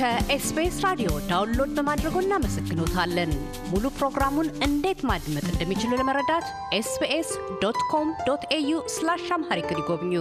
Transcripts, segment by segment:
ከኤስቢኤስ ራዲዮ ዳውንሎድ በማድረጎ እናመሰግኖታለን። ሙሉ ፕሮግራሙን እንዴት ማድመጥ እንደሚችሉ ለመረዳት ኤስቢኤስ ዶት ኮም ዶት ኤዩ ስላሽ አምሃሪክ ይጎብኙ።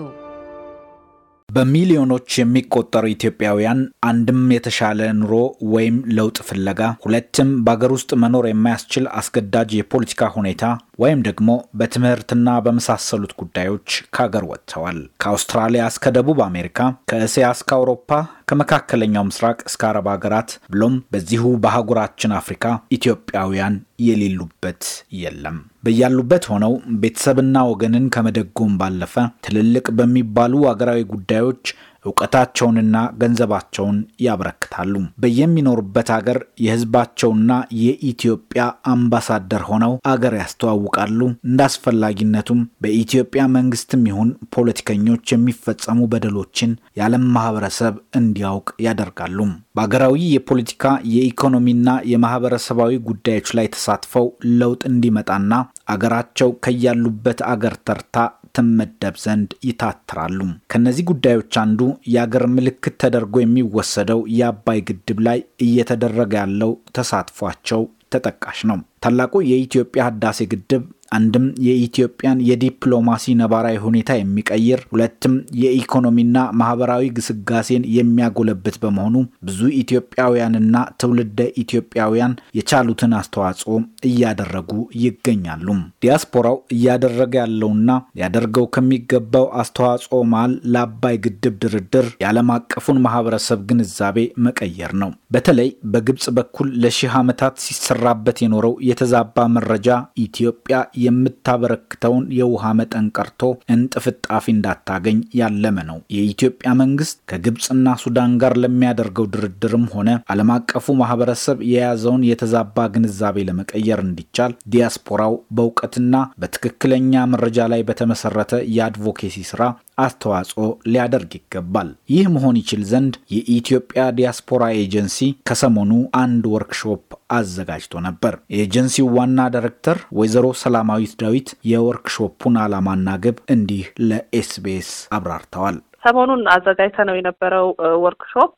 በሚሊዮኖች የሚቆጠሩ ኢትዮጵያውያን አንድም የተሻለ ኑሮ ወይም ለውጥ ፍለጋ፣ ሁለትም በአገር ውስጥ መኖር የማያስችል አስገዳጅ የፖለቲካ ሁኔታ ወይም ደግሞ በትምህርትና በመሳሰሉት ጉዳዮች ከሀገር ወጥተዋል። ከአውስትራሊያ እስከ ደቡብ አሜሪካ፣ ከእስያ እስከ አውሮፓ ከመካከለኛው ምስራቅ እስከ አረብ ሀገራት ብሎም በዚሁ በአህጉራችን አፍሪካ ኢትዮጵያውያን የሌሉበት የለም። በያሉበት ሆነው ቤተሰብና ወገንን ከመደጎም ባለፈ ትልልቅ በሚባሉ አገራዊ ጉዳዮች እውቀታቸውንና ገንዘባቸውን ያበረክታሉ። በየሚኖሩበት አገር የህዝባቸውና የኢትዮጵያ አምባሳደር ሆነው አገር ያስተዋውቃሉ። እንዳስፈላጊነቱም አስፈላጊነቱም በኢትዮጵያ መንግስትም ይሁን ፖለቲከኞች የሚፈጸሙ በደሎችን የዓለም ማህበረሰብ እንዲያውቅ ያደርጋሉ። በአገራዊ የፖለቲካ የኢኮኖሚና የማህበረሰባዊ ጉዳዮች ላይ ተሳትፈው ለውጥ እንዲመጣና አገራቸው ከያሉበት አገር ተርታ ትመደብ ዘንድ ይታትራሉ። ከነዚህ ጉዳዮች አንዱ የአገር ምልክት ተደርጎ የሚወሰደው የአባይ ግድብ ላይ እየተደረገ ያለው ተሳትፏቸው ተጠቃሽ ነው። ታላቁ የኢትዮጵያ ህዳሴ ግድብ አንድም የኢትዮጵያን የዲፕሎማሲ ነባራዊ ሁኔታ የሚቀይር ሁለትም የኢኮኖሚና ማህበራዊ ግስጋሴን የሚያጎለብት በመሆኑ ብዙ ኢትዮጵያውያንና ትውልደ ኢትዮጵያውያን የቻሉትን አስተዋጽኦ እያደረጉ ይገኛሉ። ዲያስፖራው እያደረገ ያለውና ሊያደርገው ከሚገባው አስተዋጽኦ መሃል ለአባይ ግድብ ድርድር የዓለም አቀፉን ማህበረሰብ ግንዛቤ መቀየር ነው። በተለይ በግብጽ በኩል ለሺህ ዓመታት ሲሰራበት የኖረው የተዛባ መረጃ ኢትዮጵያ የምታበረክተውን የውሃ መጠን ቀርቶ እንጥፍጣፊ እንዳታገኝ ያለመ ነው። የኢትዮጵያ መንግስት ከግብፅና ሱዳን ጋር ለሚያደርገው ድርድርም ሆነ ዓለም አቀፉ ማህበረሰብ የያዘውን የተዛባ ግንዛቤ ለመቀየር እንዲቻል ዲያስፖራው በእውቀትና በትክክለኛ መረጃ ላይ በተመሰረተ የአድቮኬሲ ስራ አስተዋጽኦ ሊያደርግ ይገባል። ይህ መሆን ይችል ዘንድ የኢትዮጵያ ዲያስፖራ ኤጀንሲ ከሰሞኑ አንድ ወርክሾፕ አዘጋጅቶ ነበር። የኤጀንሲው ዋና ዳይሬክተር ወይዘሮ ሰላማ ሰላማዊት ዳዊት የወርክሾፑን ዓላማና ግብ እንዲህ ለኤስቢኤስ አብራርተዋል። ሰሞኑን አዘጋጅተ ነው የነበረው ወርክሾፕ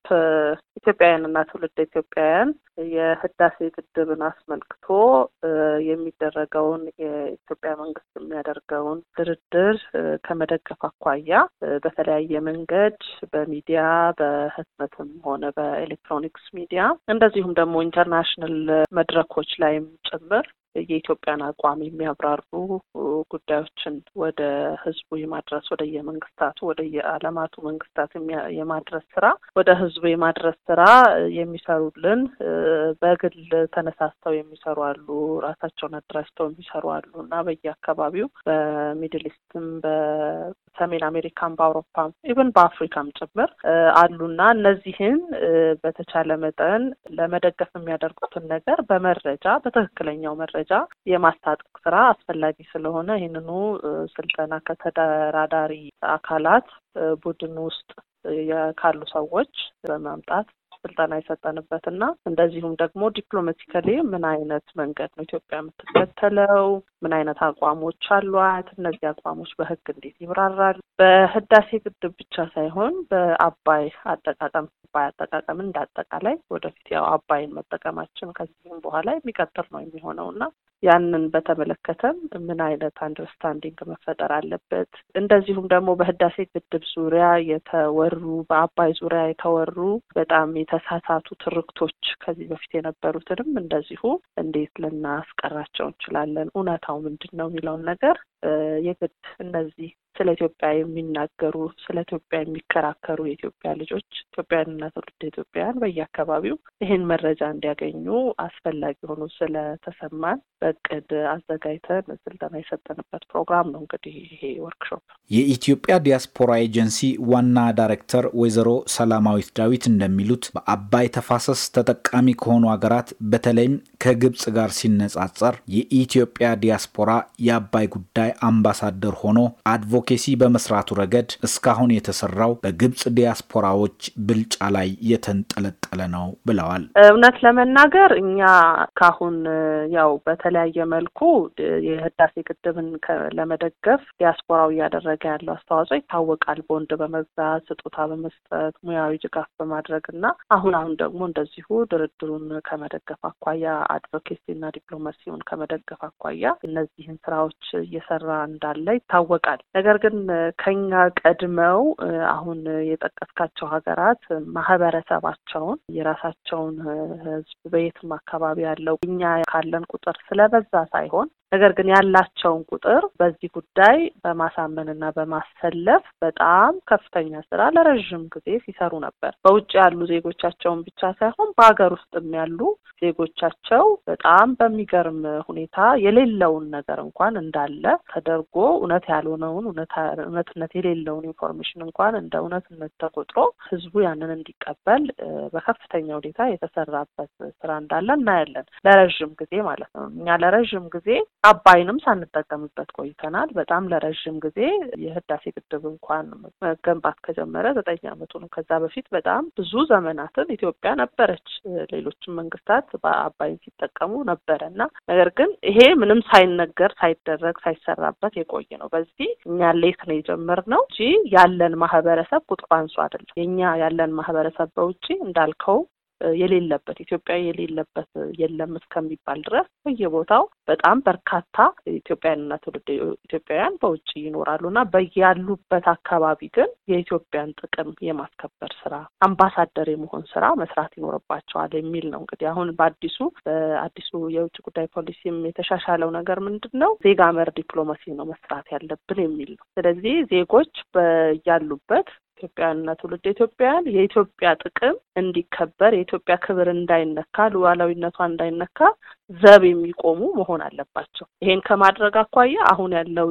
ኢትዮጵያውያንና ትውልድ ኢትዮጵያውያን የህዳሴ ግድብን አስመልክቶ የሚደረገውን የኢትዮጵያ መንግስት የሚያደርገውን ድርድር ከመደገፍ አኳያ በተለያየ መንገድ በሚዲያ በህትመትም ሆነ በኤሌክትሮኒክስ ሚዲያ እንደዚሁም ደግሞ ኢንተርናሽናል መድረኮች ላይም ጭምር የኢትዮጵያን አቋም የሚያብራሩ ጉዳዮችን ወደ ህዝቡ የማድረስ ወደ የመንግስታቱ ወደ የአለማቱ መንግስታት የማድረስ ስራ ወደ ህዝቡ የማድረስ ስራ የሚሰሩልን በግል ተነሳስተው የሚሰሩ አሉ፣ ራሳቸውን አድራጅተው የሚሰሩ አሉ እና በየአካባቢው በሚድል ኢስትም በሰሜን አሜሪካም በአውሮፓም ኢቨን በአፍሪካም ጭምር አሉና እነዚህን በተቻለ መጠን ለመደገፍ የሚያደርጉትን ነገር በመረጃ በትክክለኛው መረጃ ደረጃ የማስታጠቅ ስራ አስፈላጊ ስለሆነ ይህንኑ ስልጠና ከተደራዳሪ አካላት ቡድን ውስጥ ካሉ ሰዎች በማምጣት ስልጠና የሰጠንበት እና እንደዚሁም ደግሞ ዲፕሎማቲካሊ ምን አይነት መንገድ ነው ኢትዮጵያ የምትከተለው፣ ምን አይነት አቋሞች አሏት፣ እነዚህ አቋሞች በህግ እንዴት ይብራራል፣ በህዳሴ ግድብ ብቻ ሳይሆን በአባይ አጠቃቀም አባይ አጠቃቀምን እንዳጠቃላይ ወደፊት ያው አባይን መጠቀማችን ከዚህም በኋላ የሚቀጥል ነው የሚሆነው እና ያንን በተመለከተም ምን አይነት አንደርስታንዲንግ መፈጠር አለበት። እንደዚሁም ደግሞ በህዳሴ ግድብ ዙሪያ የተወሩ በአባይ ዙሪያ የተወሩ በጣም የተሳሳቱ ትርክቶች ከዚህ በፊት የነበሩትንም እንደዚሁ እንዴት ልናስቀራቸው እንችላለን፣ እውነታው ምንድን ነው የሚለውን ነገር የግድ እነዚህ ስለ ኢትዮጵያ የሚናገሩ ስለ ኢትዮጵያ የሚከራከሩ የኢትዮጵያ ልጆች ኢትዮጵያውያንና ትውልድ ኢትዮጵያውያን በየአካባቢው ይህን መረጃ እንዲያገኙ አስፈላጊ ሆኖ ስለተሰማን በእቅድ አዘጋጅተን ስልጠና የሰጠንበት ፕሮግራም ነው። እንግዲህ ይሄ ወርክሾፕ የኢትዮጵያ ዲያስፖራ ኤጀንሲ ዋና ዳይሬክተር ወይዘሮ ሰላማዊት ዳዊት እንደሚሉት በአባይ ተፋሰስ ተጠቃሚ ከሆኑ ሀገራት በተለይም ከግብጽ ጋር ሲነጻጸር የኢትዮጵያ ዲያስፖራ የአባይ ጉዳይ አምባሳደር ሆኖ አድቮ አድቮኬሲ በመስራቱ ረገድ እስካሁን የተሰራው በግብጽ ዲያስፖራዎች ብልጫ ላይ የተንጠለጠለ ነው ብለዋል። እውነት ለመናገር እኛ ካሁን ያው በተለያየ መልኩ የህዳሴ ግድብን ለመደገፍ ዲያስፖራው እያደረገ ያለው አስተዋጽኦ ይታወቃል። ቦንድ በመግዛት ስጦታ በመስጠት ሙያዊ ድጋፍ በማድረግ እና አሁን አሁን ደግሞ እንደዚሁ ድርድሩን ከመደገፍ አኳያ አድቮኬሲና ዲፕሎማሲውን ከመደገፍ አኳያ እነዚህን ስራዎች እየሰራ እንዳለ ይታወቃል። ነገር ነገር ግን ከኛ ቀድመው አሁን የጠቀስካቸው ሀገራት ማህበረሰባቸውን የራሳቸውን ህዝብ በየትም አካባቢ ያለው እኛ ካለን ቁጥር ስለበዛ ሳይሆን ነገር ግን ያላቸውን ቁጥር በዚህ ጉዳይ በማሳመን እና በማሰለፍ በጣም ከፍተኛ ስራ ለረዥም ጊዜ ሲሰሩ ነበር። በውጭ ያሉ ዜጎቻቸውን ብቻ ሳይሆን በሀገር ውስጥም ያሉ ዜጎቻቸው በጣም በሚገርም ሁኔታ የሌለውን ነገር እንኳን እንዳለ ተደርጎ እውነት ያልሆነውን እውነትነት የሌለውን ኢንፎርሜሽን እንኳን እንደ እውነትነት ተቆጥሮ ህዝቡ ያንን እንዲቀበል በከፍተኛ ሁኔታ የተሰራበት ስራ እንዳለ እናያለን። ለረዥም ጊዜ ማለት ነው። እኛ ለረዥም ጊዜ አባይንም ሳንጠቀምበት ቆይተናል። በጣም ለረዥም ጊዜ የህዳሴ ግድብ እንኳን መገንባት ከጀመረ ዘጠኝ አመቱ ነው። ከዛ በፊት በጣም ብዙ ዘመናትን ኢትዮጵያ ነበረች፣ ሌሎችም መንግስታት በአባይን ሲጠቀሙ ነበረ እና ነገር ግን ይሄ ምንም ሳይነገር ሳይደረግ ሳይሰራበት የቆየ ነው። በዚህ እኛ ሌት ነው የጀመርነው እንጂ ያለን ማህበረሰብ ቁጥሩ አንሶ አይደለም። የኛ ያለን ማህበረሰብ በውጭ እንዳልከው የሌለበት ኢትዮጵያ የሌለበት የለም እስከሚባል ድረስ በየቦታው በጣም በርካታ ኢትዮጵያውያንና ትውልድ ኢትዮጵያውያን በውጭ ይኖራሉ እና በያሉበት አካባቢ ግን የኢትዮጵያን ጥቅም የማስከበር ስራ አምባሳደር የመሆን ስራ መስራት ይኖርባቸዋል የሚል ነው። እንግዲህ አሁን በአዲሱ በአዲሱ የውጭ ጉዳይ ፖሊሲም የተሻሻለው ነገር ምንድን ነው? ዜጋ መር ዲፕሎማሲ ነው መስራት ያለብን የሚል ነው። ስለዚህ ዜጎች በያሉበት ኢትዮጵያውያንና ትውልድ ኢትዮጵያውያን የኢትዮጵያ ጥቅም እንዲከበር የኢትዮጵያ ክብር እንዳይነካ ሉዓላዊነቷ እንዳይነካ ዘብ የሚቆሙ መሆን አለባቸው። ይሄን ከማድረግ አኳያ አሁን ያለው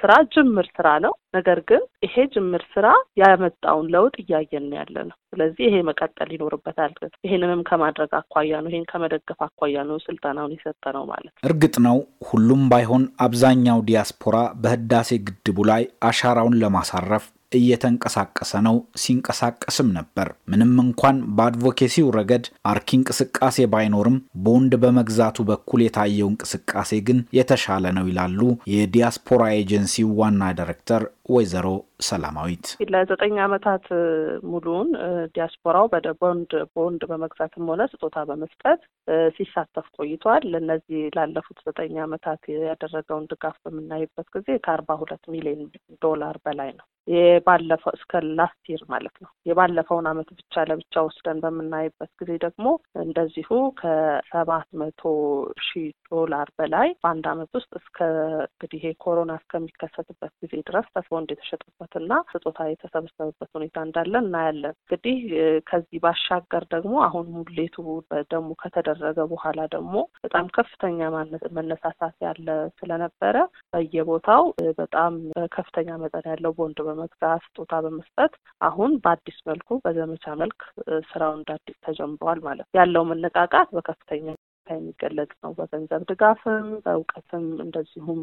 ስራ ጅምር ስራ ነው። ነገር ግን ይሄ ጅምር ስራ ያመጣውን ለውጥ እያየን ያለ ነው። ስለዚህ ይሄ መቀጠል ይኖርበታል። ይሄንንም ከማድረግ አኳያ ነው፣ ይሄን ከመደገፍ አኳያ ነው ስልጠናውን የሰጠ ነው ማለት ነው። እርግጥ ነው ሁሉም ባይሆን አብዛኛው ዲያስፖራ በህዳሴ ግድቡ ላይ አሻራውን ለማሳረፍ እየተንቀሳቀሰ ነው፣ ሲንቀሳቀስም ነበር። ምንም እንኳን በአድቮኬሲው ረገድ አርኪ እንቅስቃሴ ባይኖርም ቦንድ በመግዛቱ በኩል የታየው እንቅስቃሴ ግን የተሻለ ነው ይላሉ የዲያስፖራ ኤጀንሲው ዋና ዳይሬክተር ወይዘሮ ሰላማዊት ለዘጠኝ ዓመታት ሙሉን ዲያስፖራው በቦንድ ቦንድ በመግዛትም ሆነ ስጦታ በመስጠት ሲሳተፍ ቆይቷል። ለእነዚህ ላለፉት ዘጠኝ ዓመታት ያደረገውን ድጋፍ በምናይበት ጊዜ ከአርባ ሁለት ሚሊዮን ዶላር በላይ ነው። የባለፈው እስከ ላስት ይር ማለት ነው። የባለፈውን አመት ብቻ ለብቻ ወስደን በምናይበት ጊዜ ደግሞ እንደዚሁ ከሰባት መቶ ሺህ ዶላር በላይ በአንድ አመት ውስጥ እስከ እንግዲህ ኮሮና እስከሚከሰትበት ጊዜ ድረስ ተስቦ ቦንድ የተሸጠበትና ስጦታ የተሰበሰበበት ሁኔታ እንዳለ እናያለን። እንግዲህ ከዚህ ባሻገር ደግሞ አሁን ሙሌቱ ደግሞ ከተደረገ በኋላ ደግሞ በጣም ከፍተኛ መነሳሳት ያለ ስለነበረ በየቦታው በጣም ከፍተኛ መጠን ያለው ቦንድ በመግዛት ስጦታ በመስጠት አሁን በአዲስ መልኩ በዘመቻ መልክ ስራው እንዳዲስ ተጀምረዋል ማለት ያለው መነቃቃት በከፍተኛ የሚገለጽ ነው። በገንዘብ ድጋፍም በእውቀትም እንደዚሁም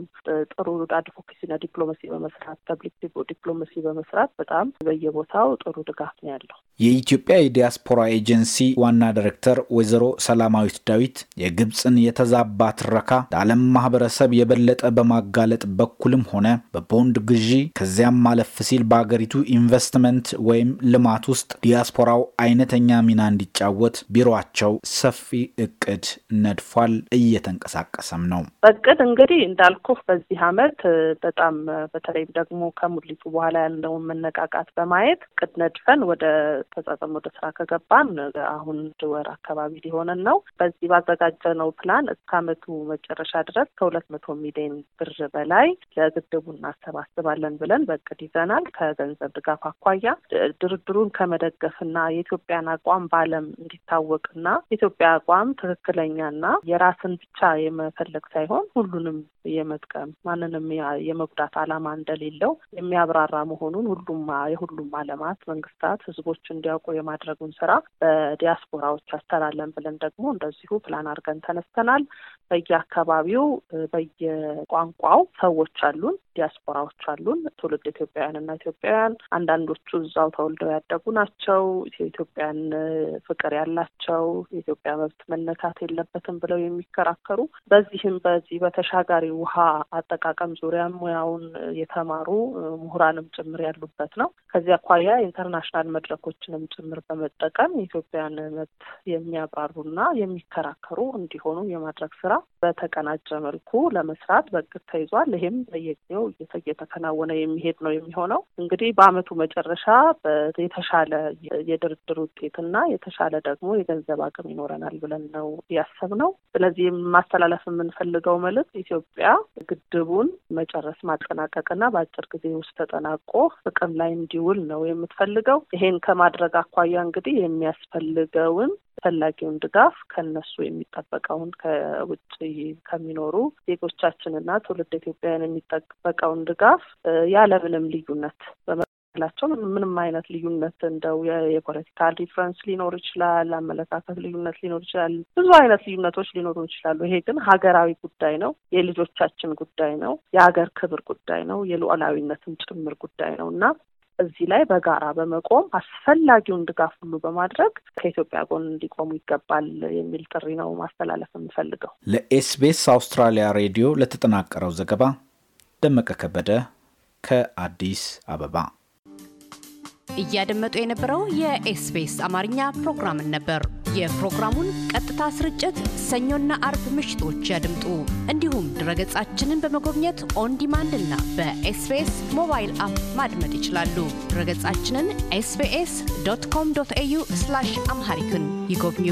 ጥሩ አድቮኬሲና ዲፕሎማሲ በመስራት ፐብሊክ ዲፕሎማሲ በመስራት በጣም በየቦታው ጥሩ ድጋፍ ነው ያለው። የኢትዮጵያ የዲያስፖራ ኤጀንሲ ዋና ዳይሬክተር ወይዘሮ ሰላማዊት ዳዊት የግብፅን የተዛባ ትረካ ለዓለም ማህበረሰብ የበለጠ በማጋለጥ በኩልም ሆነ በቦንድ ግዢ ከዚያም ማለፍ ሲል በአገሪቱ ኢንቨስትመንት ወይም ልማት ውስጥ ዲያስፖራው አይነተኛ ሚና እንዲጫወት ቢሮቸው ሰፊ እቅድ ነድፏል፣ እየተንቀሳቀሰም ነው። እቅድ እንግዲህ እንዳልኩ በዚህ አመት በጣም በተለይ ደግሞ ከሙሊቱ በኋላ ያለውን መነቃቃት በማየት እቅድ ነድፈን ወደ አፈጻጸም ወደ ስራ ከገባን አሁን ወር አካባቢ ሊሆነን ነው። በዚህ ባዘጋጀነው ፕላን እስከ አመቱ መጨረሻ ድረስ ከሁለት መቶ ሚሊዮን ብር በላይ ለግድቡ እናሰባስባለን ብለን በእቅድ ይዘናል። ከገንዘብ ድጋፍ አኳያ ድርድሩን ከመደገፍና የኢትዮጵያን አቋም በዓለም እንዲታወቅና የኢትዮጵያ አቋም ትክክለኛና የራስን ብቻ የመፈለግ ሳይሆን ሁሉንም የመጥቀም ማንንም የመጉዳት ዓላማ እንደሌለው የሚያብራራ መሆኑን ሁሉም የሁሉም ዓለማት መንግስታት፣ ህዝቦች እንዲያውቁ የማድረጉን ስራ በዲያስፖራዎች ያስተላለን ብለን ደግሞ እንደዚሁ ፕላን አድርገን ተነስተናል። በየአካባቢው በየቋንቋው ሰዎች አሉን። ዲያስፖራዎች አሉን። ትውልድ ኢትዮጵያውያንና ኢትዮጵያውያን አንዳንዶቹ እዛው ተወልደው ያደጉ ናቸው። የኢትዮጵያን ፍቅር ያላቸው የኢትዮጵያ መብት መነካት የለበትም ብለው የሚከራከሩ በዚህም በዚህ በተሻጋሪ ውሃ አጠቃቀም ዙሪያ ሙያውን የተማሩ ምሁራንም ጭምር ያሉበት ነው። ከዚህ አኳያ ኢንተርናሽናል መድረኮችንም ጭምር በመጠቀም የኢትዮጵያን መብት የሚያብራሩና የሚከራከሩ እንዲሆኑ የማድረግ ስራ በተቀናጀ መልኩ ለመስራት በእቅድ ተይዟል። ይህም በየጊዜው እየተከናወነ የሚሄድ ነው የሚሆነው። እንግዲህ በአመቱ መጨረሻ የተሻለ የድርድር ውጤትና የተሻለ ደግሞ የገንዘብ አቅም ይኖረናል ብለን ነው ያሰብነው። ስለዚህ ማስተላለፍ የምንፈልገው መልዕክት ኢትዮጵያ ግድቡን መጨረስ ማጠናቀቅና በአጭር ጊዜ ውስጥ ተጠናቆ ጥቅም ላይ እንዲውል ነው የምትፈልገው። ይሄን ከማድረግ አኳያ እንግዲህ የሚያስፈልገውን ፈላጊውን ድጋፍ ከነሱ የሚጠበቀውን ከውጭ ከሚኖሩ ዜጎቻችንና ትውልድ ኢትዮጵያውያን የሚጠበቀውን ድጋፍ ያለምንም ልዩነት ላቸው ምንም አይነት ልዩነት እንደው የፖለቲካ ዲፍረንስ ሊኖር ይችላል፣ አመለካከት ልዩነት ሊኖር ይችላል፣ ብዙ አይነት ልዩነቶች ሊኖሩ ይችላሉ። ይሄ ግን ሀገራዊ ጉዳይ ነው፣ የልጆቻችን ጉዳይ ነው፣ የሀገር ክብር ጉዳይ ነው፣ የሉዓላዊነትም ጭምር ጉዳይ ነው እና እዚህ ላይ በጋራ በመቆም አስፈላጊውን ድጋፍ ሁሉ በማድረግ ከኢትዮጵያ ጎን እንዲቆሙ ይገባል የሚል ጥሪ ነው ማስተላለፍ የምፈልገው። ለኤስቢኤስ አውስትራሊያ ሬዲዮ ለተጠናቀረው ዘገባ ደመቀ ከበደ ከአዲስ አበባ። እያደመጡ የነበረው የኤስቢኤስ አማርኛ ፕሮግራምን ነበር። የፕሮግራሙን ቀጥታ ስርጭት ሰኞና አርብ ምሽቶች ያድምጡ። እንዲሁም ድረገጻችንን በመጎብኘት ኦንዲማንድ እና በኤስቤስ ሞባይል አፕ ማድመጥ ይችላሉ። ድረገጻችንን ኤስቤስ ዶት ኮም ዶት ኤዩ አምሃሪክን ይጎብኙ።